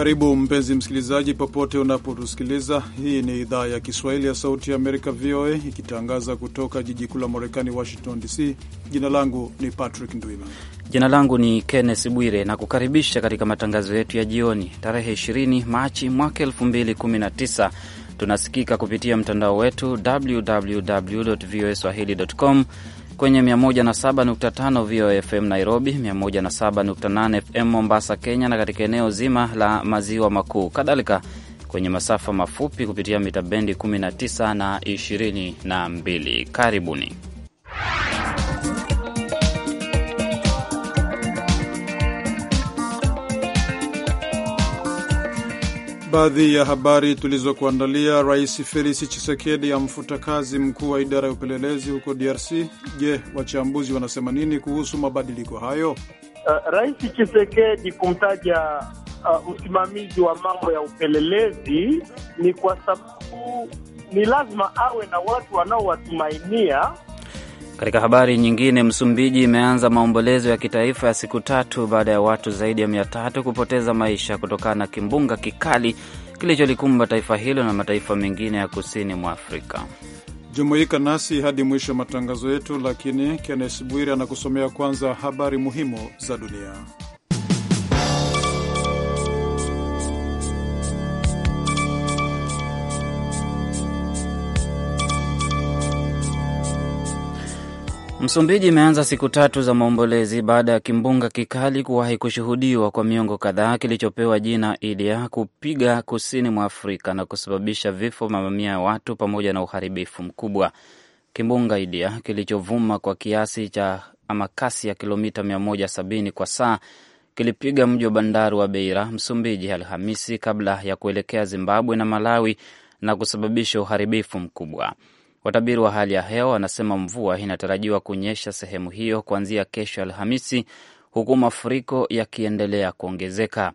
Karibu mpenzi msikilizaji, popote unapotusikiliza. Hii ni idhaa ya Kiswahili ya Sauti ya Amerika, VOA, ikitangaza kutoka jiji kuu la Marekani, Washington DC. Jina langu ni Patrick Ndwima. Jina langu ni Kenneth Bwire na kukaribisha katika matangazo yetu ya jioni tarehe 20 Machi mwaka 2019. Tunasikika kupitia mtandao wetu www voa swahili.com kwenye 107.5 VOA FM Nairobi, 107.8 FM Mombasa, Kenya na katika eneo zima la maziwa makuu, kadhalika kwenye masafa mafupi kupitia mita bendi 19 na 22. Karibuni. Baadhi ya habari tulizokuandalia: Rais Felisi Chisekedi amfuta kazi mkuu wa idara ya upelelezi huko DRC. Je, wachambuzi wanasema nini kuhusu mabadiliko hayo? Uh, Rais Chisekedi kumtaja uh, msimamizi wa mambo ya upelelezi ni kwa sababu ni lazima awe na watu wanaowatumainia katika habari nyingine, Msumbiji imeanza maombolezo ya kitaifa ya siku tatu baada ya watu zaidi ya mia tatu kupoteza maisha kutokana na kimbunga kikali kilicholikumba taifa hilo na mataifa mengine ya kusini mwa Afrika. Jumuika nasi hadi mwisho wa matangazo yetu, lakini Kennes Bwire anakusomea kwanza habari muhimu za dunia. Msumbiji imeanza siku tatu za maombolezi baada ya kimbunga kikali kuwahi kushuhudiwa kwa miongo kadhaa kilichopewa jina idia kupiga kusini mwa Afrika na kusababisha vifo mamamia ya watu pamoja na uharibifu mkubwa. Kimbunga idia kilichovuma kwa kiasi cha ama kasi ya kilomita 170 kwa saa kilipiga mji wa bandari wa Beira, Msumbiji, Alhamisi kabla ya kuelekea Zimbabwe na Malawi na kusababisha uharibifu mkubwa. Watabiri wa hali ya hewa wanasema mvua inatarajiwa kunyesha sehemu hiyo kuanzia kesho Alhamisi, huku mafuriko yakiendelea kuongezeka.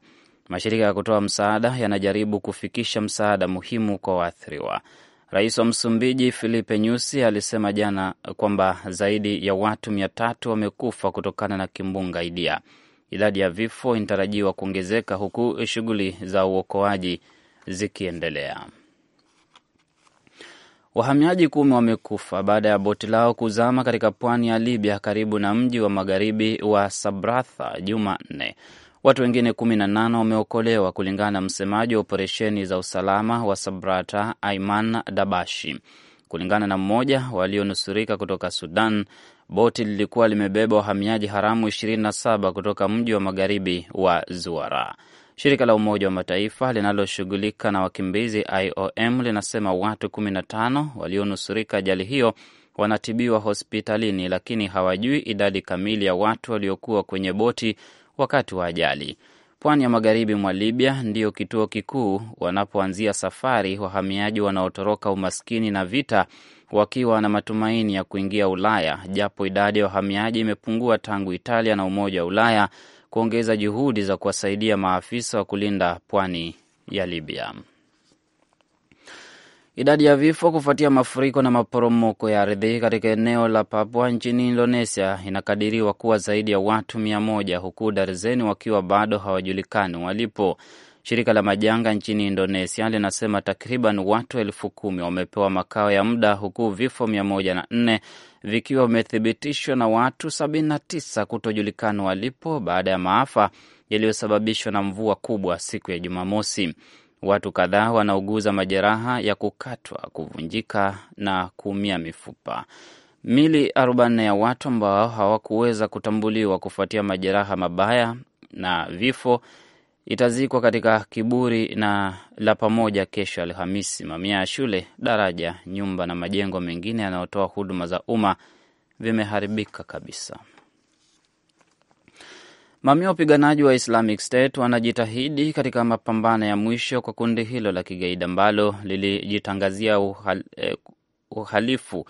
Mashirika ya kutoa msaada yanajaribu kufikisha msaada muhimu kwa waathiriwa. Rais wa Msumbiji Filipe Nyusi alisema jana kwamba zaidi ya watu mia tatu wamekufa kutokana na kimbunga Idia. Idadi ya vifo inatarajiwa kuongezeka huku shughuli za uokoaji zikiendelea. Wahamiaji kumi wamekufa baada ya boti lao kuzama katika pwani ya Libya karibu na mji wa magharibi wa Sabratha Jumanne. Watu wengine kumi na nane wameokolewa kulingana na msemaji wa operesheni za usalama wa Sabrata, Aiman Dabashi. Kulingana na mmoja walionusurika kutoka Sudan, boti lilikuwa limebeba wahamiaji haramu 27 kutoka mji wa magharibi wa Zuara. Shirika la Umoja wa Mataifa linaloshughulika na wakimbizi IOM linasema watu 15 walionusurika ajali hiyo wanatibiwa hospitalini, lakini hawajui idadi kamili ya watu waliokuwa kwenye boti wakati wa ajali. Pwani ya magharibi mwa Libya ndiyo kituo kikuu wanapoanzia safari wahamiaji wanaotoroka umaskini na vita, wakiwa na matumaini ya kuingia Ulaya, japo idadi ya wahamiaji imepungua tangu Italia na Umoja wa Ulaya kuongeza juhudi za kuwasaidia maafisa wa kulinda pwani ya Libya. Idadi ya vifo kufuatia mafuriko na maporomoko ya ardhi katika eneo la Papua nchini Indonesia inakadiriwa kuwa zaidi ya watu mia moja huku darzeni wakiwa bado hawajulikani walipo. Shirika la majanga nchini Indonesia linasema takriban watu elfu kumi wamepewa makao ya muda huku vifo mia moja na nne vikiwa vimethibitishwa na watu 79 kutojulikana walipo baada ya maafa yaliyosababishwa na mvua kubwa siku ya Jumamosi. Watu kadhaa wanauguza majeraha ya kukatwa, kuvunjika na kuumia mifupa. Mili 40 ya watu ambao hawakuweza kutambuliwa kufuatia majeraha mabaya na vifo itazikwa katika kiburi na la pamoja kesho Alhamisi. Mamia ya shule, daraja, nyumba na majengo mengine yanayotoa huduma za umma vimeharibika kabisa. Mamia wapiganaji wa Islamic State wanajitahidi katika mapambano ya mwisho kwa kundi hilo la kigaidi ambalo lilijitangazia uhal, eh, uhalifu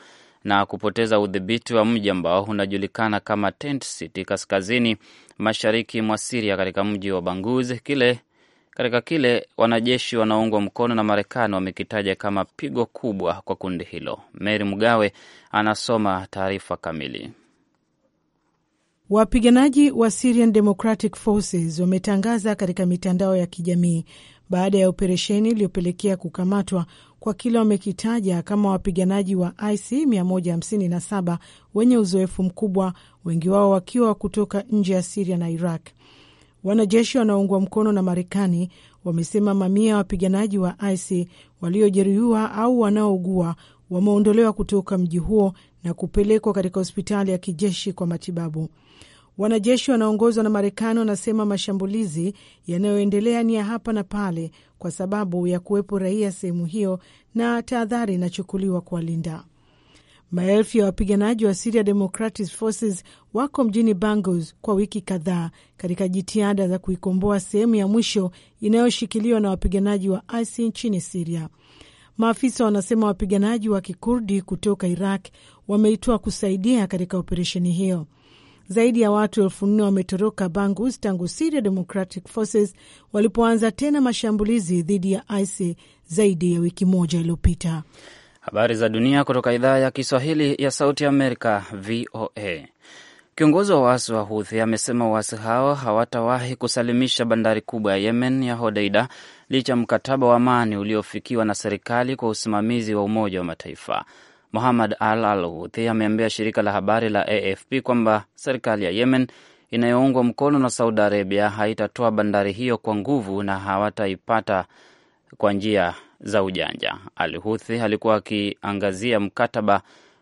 na kupoteza udhibiti wa mji ambao unajulikana kama Tent City kaskazini mashariki mwa Siria katika mji wa Banguz kile katika kile wanajeshi wanaoungwa mkono na Marekani wamekitaja kama pigo kubwa kwa kundi hilo. Mary Mgawe anasoma taarifa kamili. Wapiganaji wa Syrian Democratic Forces wametangaza katika mitandao ya kijamii baada ya operesheni iliyopelekea kukamatwa kwa kile wamekitaja kama wapiganaji wa IC 157 wenye uzoefu mkubwa, wengi wao wakiwa kutoka nje ya Siria na Iraq. Wanajeshi wanaoungwa mkono na Marekani wamesema mamia ya wapiganaji wa IC waliojeruhiwa au wanaougua wameondolewa kutoka mji huo na kupelekwa katika hospitali ya kijeshi kwa matibabu. Wanajeshi wanaongozwa na Marekani wanasema mashambulizi yanayoendelea ni ya hapa na pale kwa sababu ya kuwepo raia sehemu hiyo na tahadhari inachukuliwa kuwalinda. Maelfu ya wapiganaji wa Syria Democratic Forces wako mjini bangos kwa wiki kadhaa katika jitihada za kuikomboa sehemu ya mwisho inayoshikiliwa na wapiganaji wa ISI nchini Siria. Maafisa wanasema wapiganaji wa kikurdi kutoka Iraq wameitwa kusaidia katika operesheni hiyo. Zaidi ya watu elfu nne wametoroka Bangus tangu Syria Democratic Forces walipoanza tena mashambulizi dhidi ya ic zaidi ya wiki moja iliyopita. Habari za dunia kutoka idhaa ya Kiswahili ya Sauti Amerika, VOA. Kiongozi wa waasi wa Huthi amesema waasi hao hawatawahi kusalimisha bandari kubwa ya Yemen ya Hodeida licha mkataba wa amani uliofikiwa na serikali kwa usimamizi wa Umoja wa Mataifa. Muhamad Al Al huthi ameambia shirika la habari la AFP kwamba serikali ya Yemen inayoungwa mkono na Saudi Arabia haitatoa bandari hiyo kwa nguvu na hawataipata kwa njia za ujanja. Al huthi alikuwa akiangazia mkataba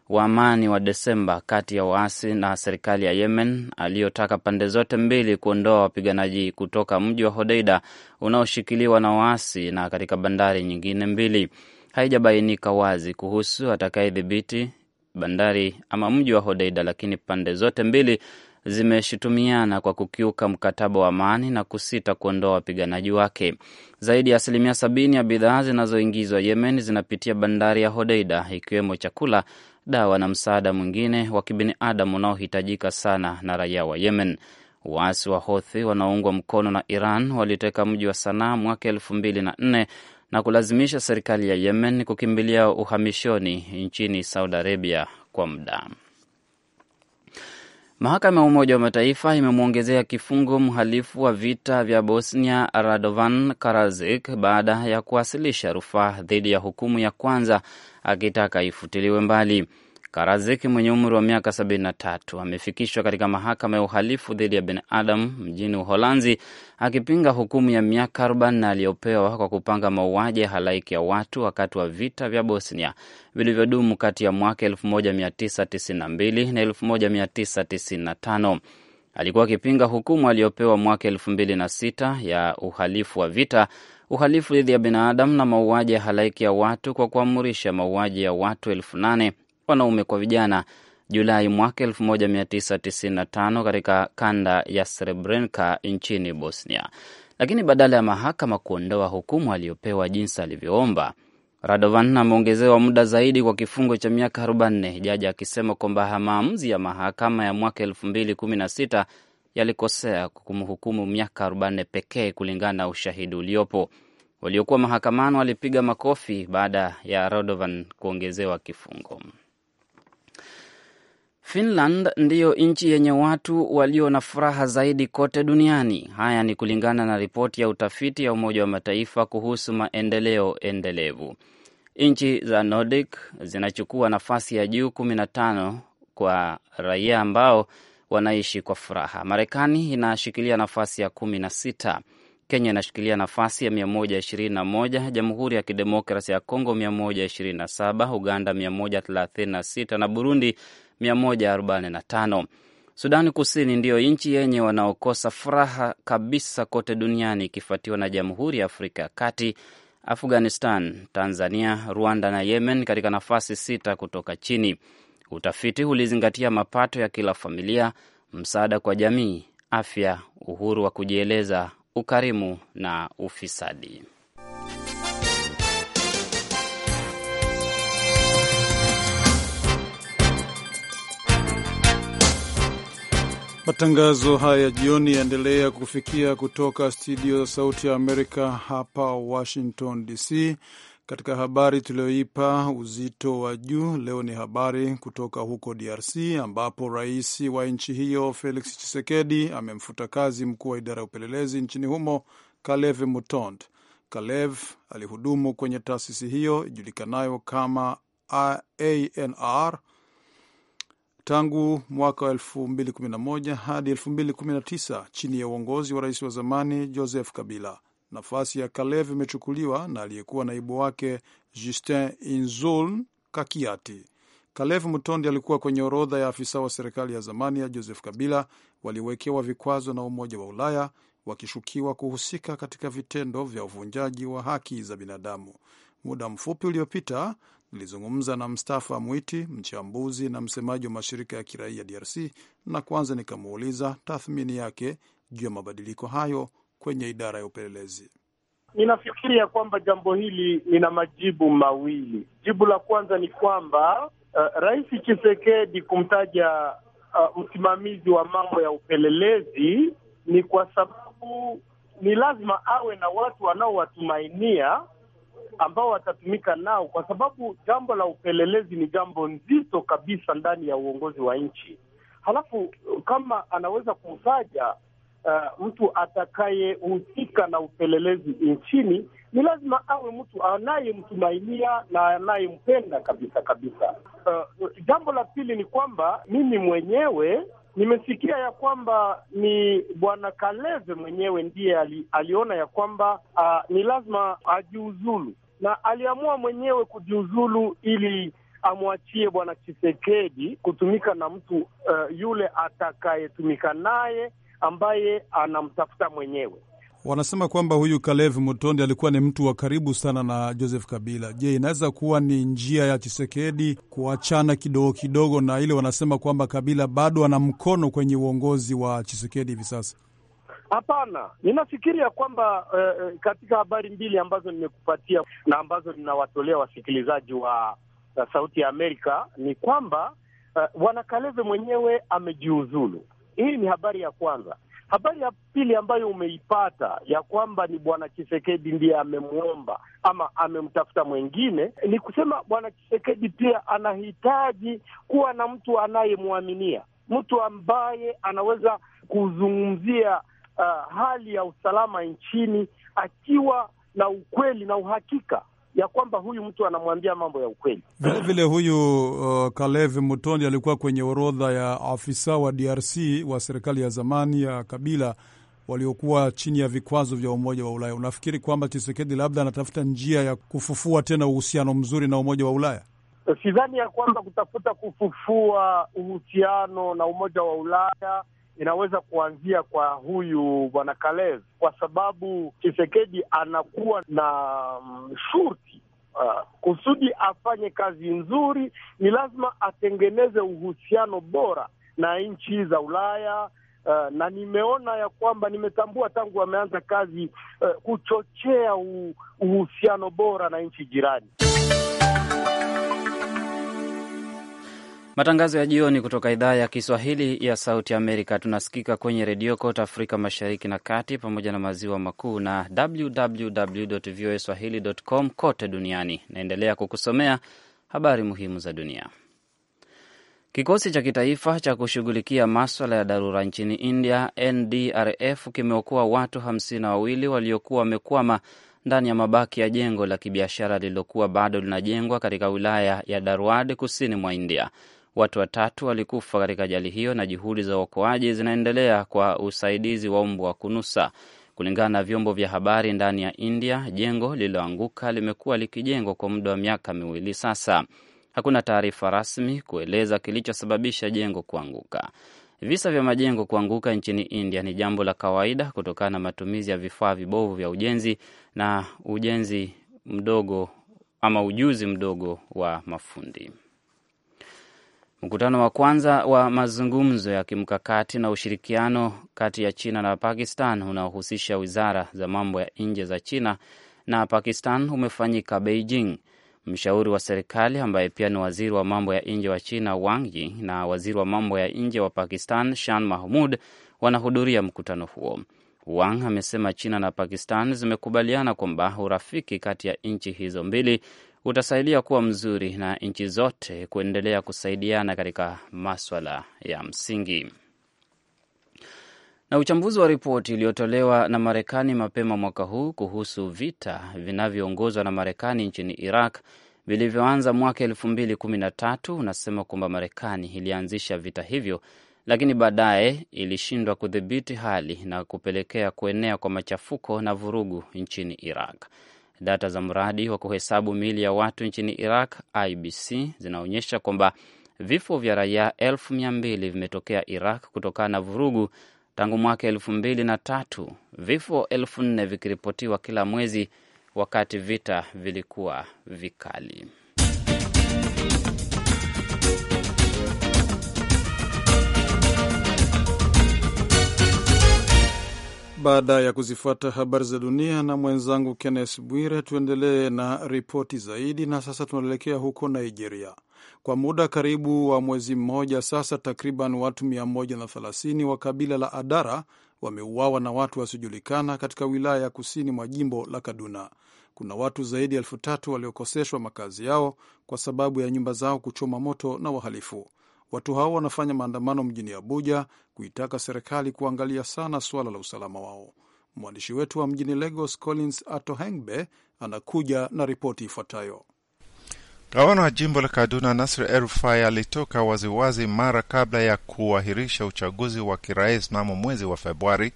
wa amani wa Desemba kati ya waasi na serikali ya Yemen aliyotaka pande zote mbili kuondoa wapiganaji kutoka mji wa Hodeida unaoshikiliwa na waasi na katika bandari nyingine mbili haijabainika wazi kuhusu atakayedhibiti bandari ama mji wa Hodeida, lakini pande zote mbili zimeshutumiana kwa kukiuka mkataba wa amani na kusita kuondoa wapiganaji wake. Zaidi ya asilimia sabini ya bidhaa zinazoingizwa Yemen zinapitia bandari ya Hodeida, ikiwemo chakula, dawa na msaada mwingine wa kibinadamu unaohitajika sana na raia wa Yemen. Waasi wa Hothi wanaoungwa mkono na Iran waliteka mji wa Sanaa mwaka elfu mbili na nne na kulazimisha serikali ya Yemen kukimbilia uhamishoni nchini Saudi Arabia kwa muda. Mahakama ya Umoja wa Mataifa imemwongezea kifungo mhalifu wa vita vya Bosnia Radovan karazik baada ya kuwasilisha rufaa dhidi ya hukumu ya kwanza akitaka ifutiliwe mbali. Karaziki mwenye umri wa miaka 73 amefikishwa katika mahakama ya uhalifu dhidi ya binadamu mjini Uholanzi akipinga hukumu ya miaka 40 aliyopewa kwa kupanga mauaji ya halaiki ya watu wakati wa vita vya Bosnia vilivyodumu kati ya mwaka 1992 na 1995. Alikuwa akipinga hukumu aliyopewa mwaka 2006 ya uhalifu wa vita uhalifu dhidi ya binadamu na mauaji ya halaiki ya watu kwa kuamurisha mauaji ya watu elfu nane wanaume kwa vijana Julai mwaka 1995 katika kanda ya Srebrenica nchini Bosnia. Lakini badala ya mahakama kuondoa hukumu aliyopewa jinsi alivyoomba, Radovan ameongezewa muda zaidi kwa kifungo cha miaka 44, jaji akisema kwamba maamuzi ya mahakama ya mwaka 2016 yalikosea kumhukumu miaka 40 pekee kulingana na ushahidi uliopo. Waliokuwa mahakamani walipiga makofi baada ya Radovan kuongezewa kifungo. Finland ndiyo nchi yenye watu walio na furaha zaidi kote duniani. Haya ni kulingana na ripoti ya utafiti ya Umoja wa Mataifa kuhusu maendeleo endelevu. Nchi za Nordic zinachukua nafasi ya juu tano kwa raia ambao wanaishi kwa furaha. Marekani inashikilia nafasi ya sita. Kenya inashikilia nafasi ya 121, Jamhuri ya Kidemokrasi ya Kongo 127, Uganda 136 na Burundi 145. Sudani Kusini ndiyo nchi yenye wanaokosa furaha kabisa kote duniani ikifuatiwa na Jamhuri ya Afrika ya Kati, Afghanistan, Tanzania, Rwanda na Yemen katika nafasi sita kutoka chini. Utafiti ulizingatia mapato ya kila familia, msaada kwa jamii, afya, uhuru wa kujieleza, ukarimu na ufisadi. Matangazo haya jioni yaendelea kufikia kutoka studio za Sauti ya Amerika hapa Washington DC. Katika habari tulioipa uzito wa juu leo ni habari kutoka huko DRC ambapo rais wa nchi hiyo Felix Tshisekedi amemfuta kazi mkuu wa idara ya upelelezi nchini humo Kalev Mutond. Kalev alihudumu kwenye taasisi hiyo ijulikanayo kama ANR tangu mwaka wa 2011 hadi 219 chini ya uongozi wa rais wa zamani Joseph Kabila. Nafasi ya Kalev imechukuliwa na aliyekuwa naibu wake Justin Inzul Kakiati. Kalev Mutondi alikuwa kwenye orodha ya afisa wa serikali ya zamani ya Joseph Kabila waliowekewa vikwazo na Umoja wa Ulaya wakishukiwa kuhusika katika vitendo vya uvunjaji wa haki za binadamu. Muda mfupi uliopita Nilizungumza na Mstafa Mwiti, mchambuzi na msemaji wa mashirika ya kiraia DRC, na kwanza nikamuuliza tathmini yake juu ya mabadiliko hayo kwenye idara ya upelelezi. Ninafikiri ya kwamba jambo hili lina majibu mawili. Jibu la kwanza ni kwamba uh, Rais chisekedi kumtaja uh, msimamizi wa mambo ya upelelezi ni kwa sababu ni lazima awe na watu wanaowatumainia ambao watatumika nao, kwa sababu jambo la upelelezi ni jambo nzito kabisa ndani ya uongozi wa nchi. Halafu kama anaweza kumtaja uh, mtu atakayehusika na upelelezi nchini, ni lazima awe mtu anayemtumainia na anayempenda kabisa kabisa. Uh, jambo la pili ni kwamba mimi mwenyewe nimesikia ya kwamba ni Bwana Kaleve mwenyewe ndiye ali, aliona ya kwamba uh, ni lazima ajiuzulu na aliamua mwenyewe kujiuzulu ili amwachie bwana Chisekedi kutumika na mtu uh, yule atakayetumika naye ambaye anamtafuta mwenyewe. Wanasema kwamba huyu Kalev Mutondi alikuwa ni mtu wa karibu sana na Joseph Kabila. Je, inaweza kuwa ni njia ya Chisekedi kuachana kidogo kidogo na ile wanasema kwamba Kabila bado ana mkono kwenye uongozi wa Chisekedi hivi sasa? Hapana, ninafikiri ya kwamba eh, eh, katika habari mbili ambazo nimekupatia na ambazo ninawatolea wasikilizaji wa uh, Sauti ya Amerika ni kwamba uh, eh, Kaleve mwenyewe amejiuzulu. Hii ni habari ya kwanza. Habari ya pili ambayo umeipata ya kwamba ni Bwana Chisekedi ndiye amemwomba ama amemtafuta mwengine, ni kusema Bwana Chisekedi pia anahitaji kuwa na mtu anayemwaminia, mtu ambaye anaweza kuzungumzia uh, hali ya usalama nchini akiwa na ukweli na uhakika ya kwamba huyu mtu anamwambia mambo ya ukweli. Vilevile huyu uh, Kalev Mutondi alikuwa kwenye orodha ya afisa wa DRC wa serikali ya zamani ya Kabila waliokuwa chini ya vikwazo vya Umoja wa Ulaya. Unafikiri kwamba Chisekedi labda anatafuta njia ya kufufua tena uhusiano mzuri na Umoja wa Ulaya? Sidhani ya kwamba kutafuta kufufua uhusiano na Umoja wa Ulaya inaweza kuanzia kwa huyu bwana Kalez, kwa sababu Chisekedi anakuwa na mm, shurti Uh, kusudi afanye kazi nzuri ni lazima atengeneze uhusiano bora na nchi za Ulaya. Uh, na nimeona ya kwamba nimetambua tangu ameanza kazi uh, kuchochea uhusiano bora na nchi jirani. Matangazo ya jioni kutoka idhaa ya Kiswahili ya Sauti Amerika. Tunasikika kwenye redio kote Afrika Mashariki na Kati pamoja na Maziwa Makuu na www voa swahili com kote duniani. Naendelea kukusomea habari muhimu za dunia. Kikosi cha kitaifa cha kushughulikia maswala ya dharura nchini India, NDRF, kimeokoa watu hamsini na wawili waliokuwa wamekwama ndani ya mabaki ya jengo la kibiashara lililokuwa bado linajengwa katika wilaya ya Darwad kusini mwa India. Watu watatu walikufa katika ajali hiyo na juhudi za uokoaji zinaendelea kwa usaidizi wa mbu wa kunusa. Kulingana na vyombo vya habari ndani ya India, jengo lililoanguka limekuwa likijengwa kwa muda wa miaka miwili sasa. Hakuna taarifa rasmi kueleza kilichosababisha jengo kuanguka. Visa vya majengo kuanguka nchini India ni jambo la kawaida kutokana na matumizi ya vifaa vibovu vya ujenzi na ujenzi mdogo ama ujuzi mdogo wa mafundi. Mkutano wa kwanza wa mazungumzo ya kimkakati na ushirikiano kati ya China na Pakistan unaohusisha wizara za mambo ya nje za China na Pakistan umefanyika Beijing. Mshauri wa serikali ambaye pia ni waziri wa mambo ya nje wa China Wang Yi na waziri wa mambo ya nje wa Pakistan Shan Mahmud wanahudhuria mkutano huo. Wang amesema China na Pakistan zimekubaliana kwamba urafiki kati ya nchi hizo mbili utasaidia kuwa mzuri na nchi zote kuendelea kusaidiana katika maswala ya msingi. Na uchambuzi wa ripoti iliyotolewa na Marekani mapema mwaka huu kuhusu vita vinavyoongozwa na Marekani nchini Iraq vilivyoanza mwaka elfu mbili kumi na tatu unasema kwamba Marekani ilianzisha vita hivyo, lakini baadaye ilishindwa kudhibiti hali na kupelekea kuenea kwa machafuko na vurugu nchini Iraq. Data za mradi wa kuhesabu miili ya watu nchini Iraq, IBC, zinaonyesha kwamba vifo vya raia elfu mia mbili vimetokea Iraq kutokana na vurugu tangu mwaka elfu mbili na tatu, vifo elfu nne vikiripotiwa kila mwezi wakati vita vilikuwa vikali. Baada ya kuzifuata habari za dunia na mwenzangu Kennes Bwire, tuendelee na ripoti zaidi. Na sasa tunaelekea huko Nigeria. Kwa muda karibu wa mwezi mmoja sasa, takriban watu 130 wa kabila la Adara wameuawa na watu wasiojulikana katika wilaya ya kusini mwa jimbo la Kaduna. Kuna watu zaidi ya elfu tatu waliokoseshwa makazi yao kwa sababu ya nyumba zao kuchoma moto na wahalifu. Watu hao wanafanya maandamano mjini Abuja kuitaka serikali kuangalia sana suala la usalama wao. Mwandishi wetu wa mjini Lagos, Collins Atohengbe, anakuja na ripoti ifuatayo. Gavana wa jimbo la Kaduna nasri el alitoka waziwazi mara kabla ya kuahirisha uchaguzi wa kirais mnamo mwezi wa Februari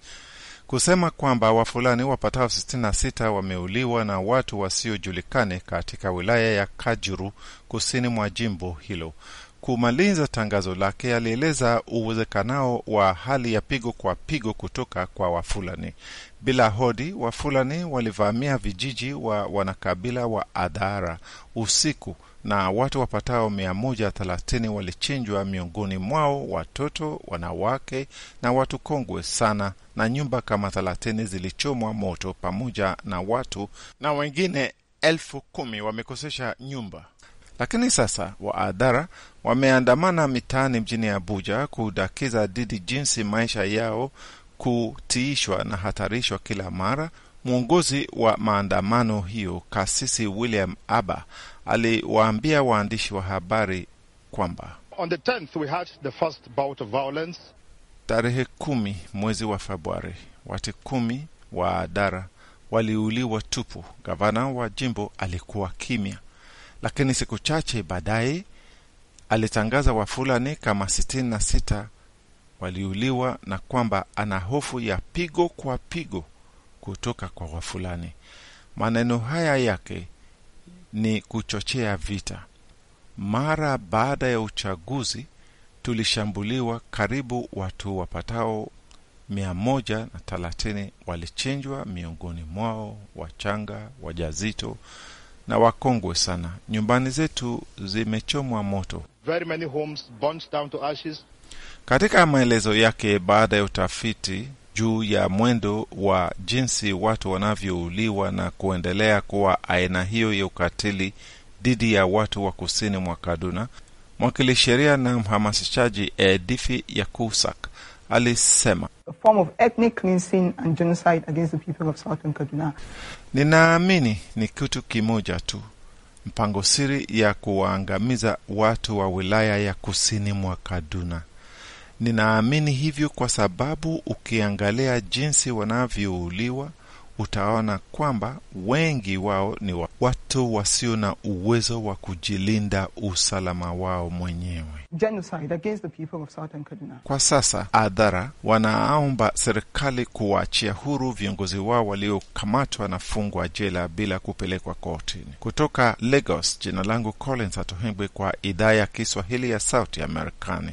kusema kwamba Wafulani wapatao 66 wameuliwa na watu wasiojulikani katika wilaya ya Kajuru kusini mwa jimbo hilo kumaliza tangazo lake alieleza uwezekanao wa hali ya pigo kwa pigo kutoka kwa Wafulani. Bila hodi, Wafulani walivamia vijiji wa wanakabila wa Adhara usiku na watu wapatao 130 walichinjwa, miongoni mwao watoto, wanawake na watu kongwe sana, na nyumba kama 30 zilichomwa moto pamoja na watu na wengine elfu kumi wamekosesha nyumba. Lakini sasa waadhara wameandamana mitaani mjini Abuja kudakiza dhidi jinsi maisha yao kutiishwa na hatarishwa kila mara. Mwongozi wa maandamano hiyo Kasisi William Aba aliwaambia waandishi wa habari kwamba On the 10th we had the first bout of violence. Tarehe kumi mwezi wa Februari, watu kumi wa adara waliuliwa tupu. Gavana wa jimbo alikuwa kimya lakini siku chache baadaye alitangaza Wafulani kama sitini na sita waliuliwa na kwamba ana hofu ya pigo kwa pigo kutoka kwa Wafulani. Maneno haya yake ni kuchochea vita. Mara baada ya uchaguzi tulishambuliwa, karibu watu wapatao mia moja na walichinjwa, miongoni mwao wachanga, wajazito na wakongwe sana. Nyumbani zetu zimechomwa moto. Very many homes burnt down to ashes. Katika maelezo yake baada ya utafiti juu ya mwendo wa jinsi watu wanavyouliwa na kuendelea kuwa aina hiyo ya ukatili dhidi ya watu wa kusini mwa Kaduna, mwakili sheria na mhamasishaji Edifi Yakusak alisema Ninaamini ni kitu kimoja tu, mpango siri ya kuwaangamiza watu wa wilaya ya kusini mwa Kaduna. Ninaamini hivyo kwa sababu ukiangalia jinsi wanavyouliwa, utaona kwamba wengi wao ni watu wasio na uwezo wa kujilinda usalama wao mwenyewe. Kwa sasa adhara wanaomba serikali kuwaachia huru viongozi wao waliokamatwa na fungwa jela bila kupelekwa kotini Kutoka Lagos, jina langu Collins Atohengwe kwa idhaa ya Kiswahili ya Sauti ya Marekani.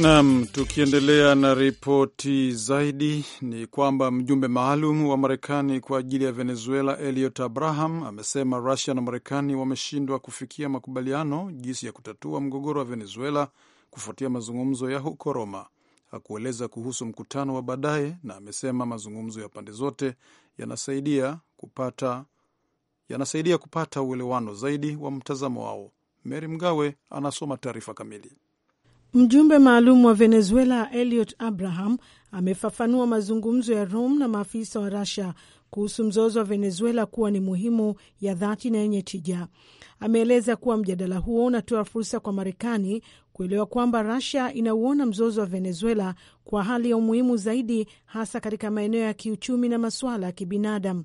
Naam, tukiendelea na ripoti zaidi ni kwamba mjumbe maalum wa Marekani kwa ajili ya Venezuela eliot Abraham amesema Rusia na Marekani wameshindwa kufikia makubaliano jinsi ya kutatua mgogoro wa Venezuela kufuatia mazungumzo ya huko Roma. Hakueleza kuhusu mkutano wa baadaye, na amesema mazungumzo ya pande zote yanasaidia kupata yanasaidia kupata uelewano zaidi wa mtazamo wao. mery Mgawe anasoma taarifa kamili. Mjumbe maalum wa Venezuela Eliot Abraham amefafanua mazungumzo ya Rome na maafisa wa rasia kuhusu mzozo wa Venezuela kuwa ni muhimu, ya dhati na yenye tija. Ameeleza kuwa mjadala huo unatoa fursa kwa Marekani kuelewa kwamba rasia inauona mzozo wa Venezuela kwa hali ya umuhimu zaidi, hasa katika maeneo ya kiuchumi na masuala ya kibinadamu.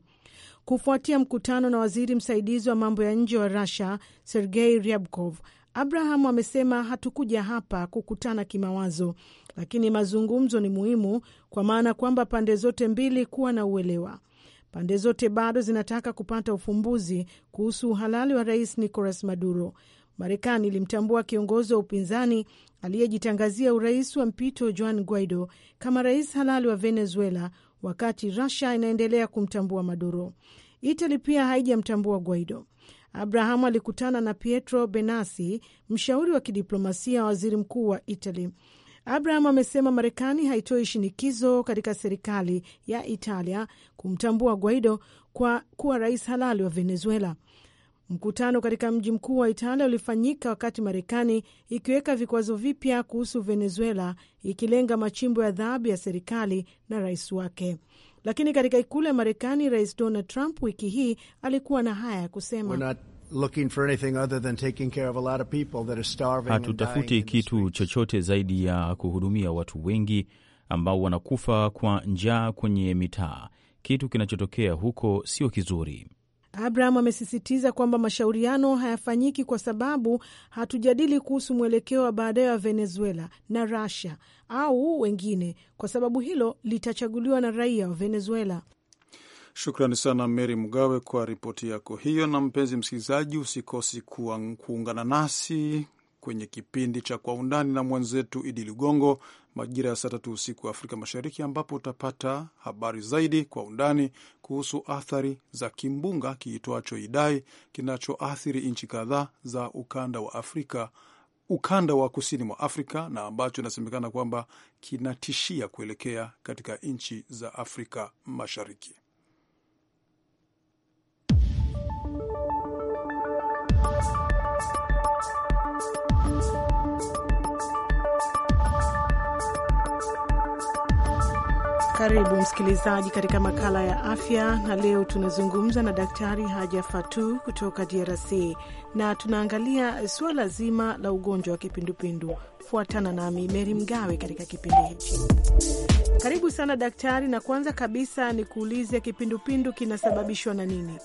Kufuatia mkutano na waziri msaidizi wa mambo ya nje wa Russia Sergei Ryabkov Abraham amesema hatukuja hapa kukutana kimawazo, lakini mazungumzo ni muhimu, kwa maana kwamba pande zote mbili kuwa na uelewa. Pande zote bado zinataka kupata ufumbuzi kuhusu uhalali wa rais Nicolas Maduro. Marekani ilimtambua kiongozi wa upinzani aliyejitangazia urais wa mpito Juan Guaido kama rais halali wa Venezuela, wakati Rusia inaendelea kumtambua Maduro. Itali pia haijamtambua Guaido. Abrahamu alikutana na Pietro Benasi, mshauri wa kidiplomasia wa waziri mkuu wa Italy. abrahamu amesema Marekani haitoi shinikizo katika serikali ya Italia kumtambua Guaido kwa kuwa rais halali wa Venezuela. Mkutano katika mji mkuu wa Italia ulifanyika wakati Marekani ikiweka vikwazo vipya kuhusu Venezuela, ikilenga machimbo ya dhahabu ya serikali na rais wake. Lakini katika ikulu ya Marekani, Rais Donald Trump wiki hii alikuwa na haya ya kusema: hatutafuti kitu chochote zaidi ya kuhudumia watu wengi ambao wanakufa kwa njaa kwenye mitaa. Kitu kinachotokea huko sio kizuri. Abraham amesisitiza kwamba mashauriano hayafanyiki kwa sababu hatujadili kuhusu mwelekeo wa baadaye wa Venezuela na Russia au wengine, kwa sababu hilo litachaguliwa na raia wa Venezuela. Shukrani sana Mary Mgawe kwa ripoti yako hiyo. Na mpenzi msikilizaji, usikosi kuungana nasi kwenye kipindi cha Kwa Undani na mwenzetu Idi Ligongo majira ya saa tatu usiku wa Afrika Mashariki, ambapo utapata habari zaidi kwa undani kuhusu athari za kimbunga kiitwacho Idai kinachoathiri nchi kadhaa za ukanda wa Afrika ukanda wa kusini mwa Afrika na ambacho inasemekana kwamba kinatishia kuelekea katika nchi za Afrika Mashariki. Karibu msikilizaji katika makala ya afya, na leo tunazungumza na Daktari Haja Fatu kutoka DRC na tunaangalia suala zima la ugonjwa wa kipindupindu. Fuatana nami Meri Mgawe katika kipindi hichi. Karibu sana daktari, na kwanza kabisa ni kuulize kipindupindu kinasababishwa na nini?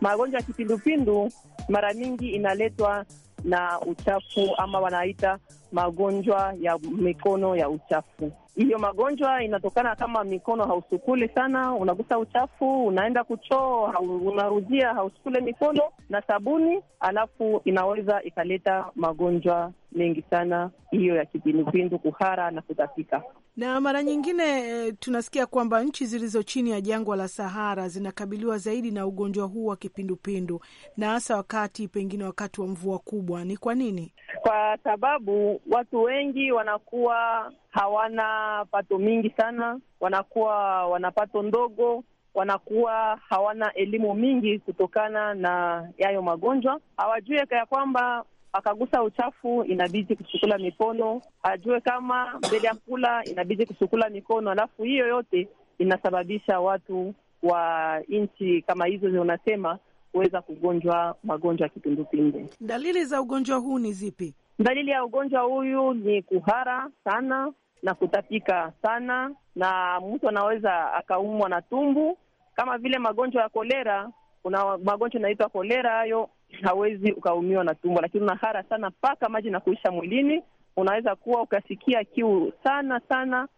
Magonjwa ya kipindupindu mara nyingi inaletwa na uchafu ama wanaita magonjwa ya mikono ya uchafu hiyo magonjwa inatokana kama mikono hausukuli sana, unagusa uchafu, unaenda kuchoo, unarudia hausukule mikono na sabuni, alafu inaweza ikaleta magonjwa mengi sana, hiyo ya kipindupindu, kuhara na kutapika. Na mara nyingine e, tunasikia kwamba nchi zilizo chini ya jangwa la Sahara zinakabiliwa zaidi na ugonjwa huu wa kipindupindu na hasa wakati pengine wakati wa mvua kubwa. Ni kwa nini? Kwa sababu watu wengi wanakuwa hawana pato mingi sana, wanakuwa wana pato ndogo wanakuwa hawana elimu mingi kutokana na yayo magonjwa. Hawajui ya kwamba akagusa uchafu inabidi kusukula mikono, ajue kama mbele ya kula inabidi kusukula mikono. Alafu hiyo yote inasababisha watu wa nchi kama hizo zinasema kuweza kugonjwa magonjwa ya kipindupindu. Dalili za ugonjwa huu ni zipi? Dalili ya ugonjwa huyu ni kuhara sana na kutapika sana, na mtu anaweza akaumwa na tumbu kama vile magonjwa ya kolera. Kuna magonjwa inaitwa kolera, hayo hawezi ukaumiwa na tumbo, lakini unahara sana mpaka maji na kuisha mwilini. Unaweza kuwa ukasikia kiu sana sana,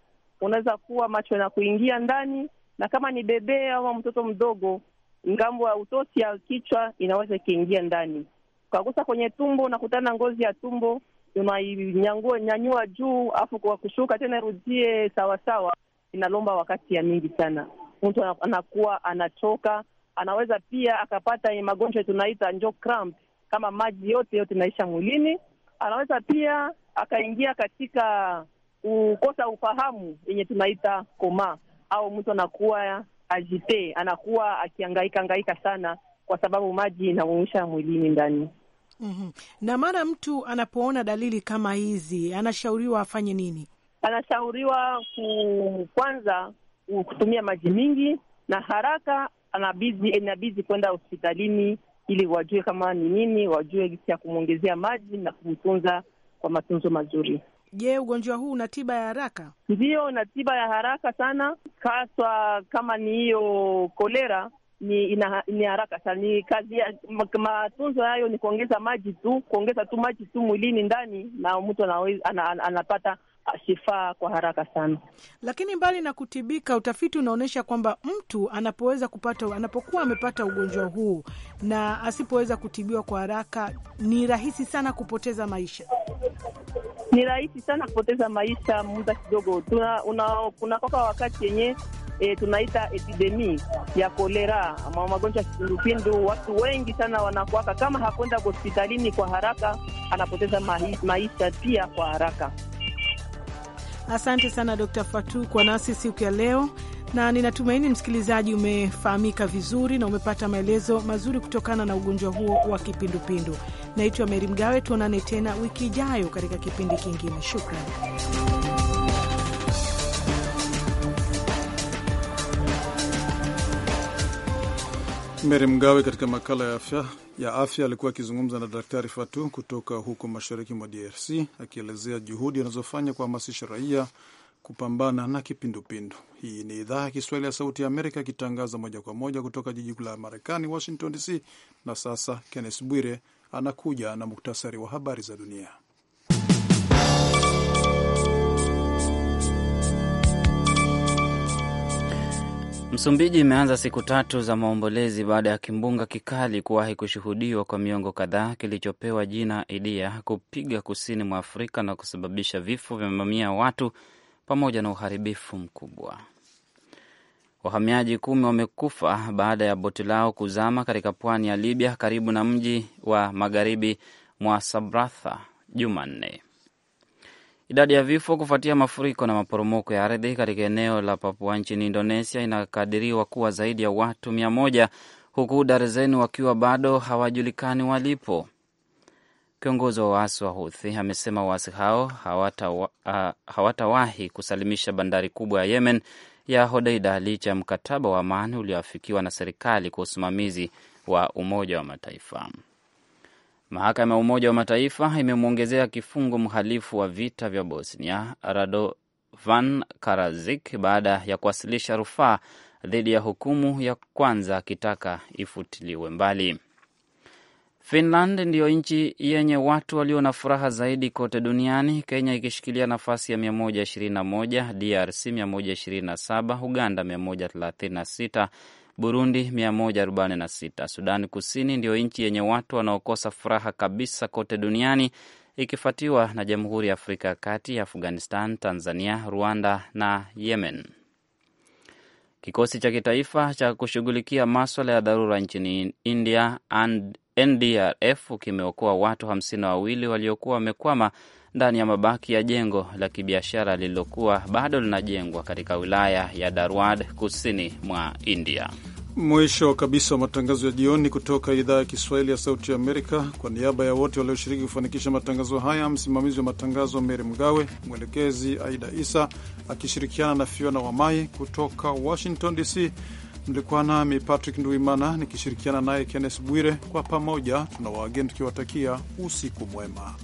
unaweza kuwa macho na kuingia ndani, na kama ni bebe ama mtoto mdogo, ngambo ya utosi ya kichwa inaweza ikiingia ndani, ukagusa kwenye tumbo, unakutana ngozi ya tumbo, unainyangua nyanyua juu, afu kwa kushuka tena irudie sawasawa, inalomba wakati ya mingi sana, mtu anakuwa anachoka anaweza pia akapata magonjwa tunaita njo cramp, kama maji yote yote inaisha mwilini. Anaweza pia akaingia katika kukosa ufahamu yenye tunaita koma, au mtu anakuwa ajite, anakuwa akiangaika angaika sana, kwa sababu maji inamuisha mwilini ndani. Mm -hmm. Na mara mtu anapoona dalili kama hizi anashauriwa afanye nini? Anashauriwa kwanza kutumia maji mingi na haraka anabizi inabidi kwenda hospitalini ili wajue kama ni nini, wajue jinsi ya kumwongezea maji na kumtunza kwa matunzo mazuri. Je, ugonjwa huu una tiba ya haraka? Ndiyo, na tiba ya haraka sana, haswa kama ni hiyo kolera ni ina, ni haraka sana. Ni kazi ya matunzo hayo, ni kuongeza maji tu, kuongeza tu maji tu mwilini ndani, na mtu anapata shifaa kwa haraka sana. Lakini mbali na kutibika, utafiti unaonyesha kwamba mtu anapoweza kupata, anapokuwa amepata ugonjwa huu na asipoweza kutibiwa kwa haraka, ni rahisi sana kupoteza maisha ni rahisi sana kupoteza maisha. Muda kidogo Kunakoka wakati yenye e, tunaita epidemi ya kolera ama magonjwa ya kipindupindu. Watu wengi sana wanakwaka kama hakwenda hospitalini kwa haraka, anapoteza maisha pia kwa haraka. Asante sana Dr. Fatu kwa nasi siku ya leo, na ninatumaini msikilizaji umefahamika vizuri na umepata maelezo mazuri kutokana na ugonjwa huo wa kipindupindu. Naitwa Meri Mgawe, tuonane tena wiki ijayo katika kipindi kingine. Shukrani. Mary Mgawe katika makala ya afya ya afya alikuwa akizungumza na Daktari Fatu kutoka huko mashariki mwa DRC akielezea juhudi anazofanya kuhamasisha raia kupambana na kipindupindu. Hii ni idhaa ya Kiswahili ya Sauti ya Amerika ikitangaza moja kwa moja kutoka jiji kuu la Marekani, Washington DC. Na sasa Kennes Bwire anakuja na muktasari wa habari za dunia. Msumbiji imeanza siku tatu za maombolezi baada ya kimbunga kikali kuwahi kushuhudiwa kwa miongo kadhaa kilichopewa jina Idia kupiga kusini mwa Afrika na kusababisha vifo vya mamia ya watu pamoja na uharibifu mkubwa. Wahamiaji kumi wamekufa baada ya boti lao kuzama katika pwani ya Libya karibu na mji wa magharibi mwa Sabratha Jumanne. Idadi ya vifo kufuatia mafuriko na maporomoko ya ardhi katika eneo la Papua nchini Indonesia inakadiriwa kuwa zaidi ya watu mia moja huku darzeni wakiwa bado hawajulikani walipo. Kiongozi wa waasi wa Huthi amesema waasi hao uh, hawatawahi hawata kusalimisha bandari kubwa ya Yemen ya Hodeida licha ya mkataba wa amani ulioafikiwa na serikali kwa usimamizi wa Umoja wa Mataifa. Mahakama ya Umoja wa Mataifa imemwongezea kifungo mhalifu wa vita vya Bosnia Radovan karazik baada ya kuwasilisha rufaa dhidi ya hukumu ya kwanza akitaka ifutiliwe mbali. Finland ndiyo nchi yenye watu walio na furaha zaidi kote duniani, Kenya ikishikilia nafasi ya 121, DRC 127, Uganda 136 Burundi 146. Sudani Kusini ndiyo nchi yenye watu wanaokosa furaha kabisa kote duniani ikifuatiwa na Jamhuri ya Afrika ya Kati, Afghanistan, Tanzania, Rwanda na Yemen. Kikosi cha kitaifa cha kushughulikia maswala ya dharura nchini India, NDRF, kimeokoa watu hamsini na wawili waliokuwa wamekwama ndani ya mabaki ya jengo la kibiashara lililokuwa bado linajengwa katika wilaya ya Darwad kusini mwa India. Mwisho kabisa wa matangazo ya jioni kutoka idhaa ya Kiswahili ya Sauti ya Amerika. Kwa niaba ya wote walioshiriki kufanikisha matangazo haya, msimamizi wa matangazo mery Mgawe, mwelekezi Aida Isa akishirikiana na Fiona Wamai kutoka Washington DC. Mlikuwa nami Patrick Nduimana nikishirikiana naye Kennes Bwire. Kwa pamoja tuna waageni tukiwatakia usiku mwema.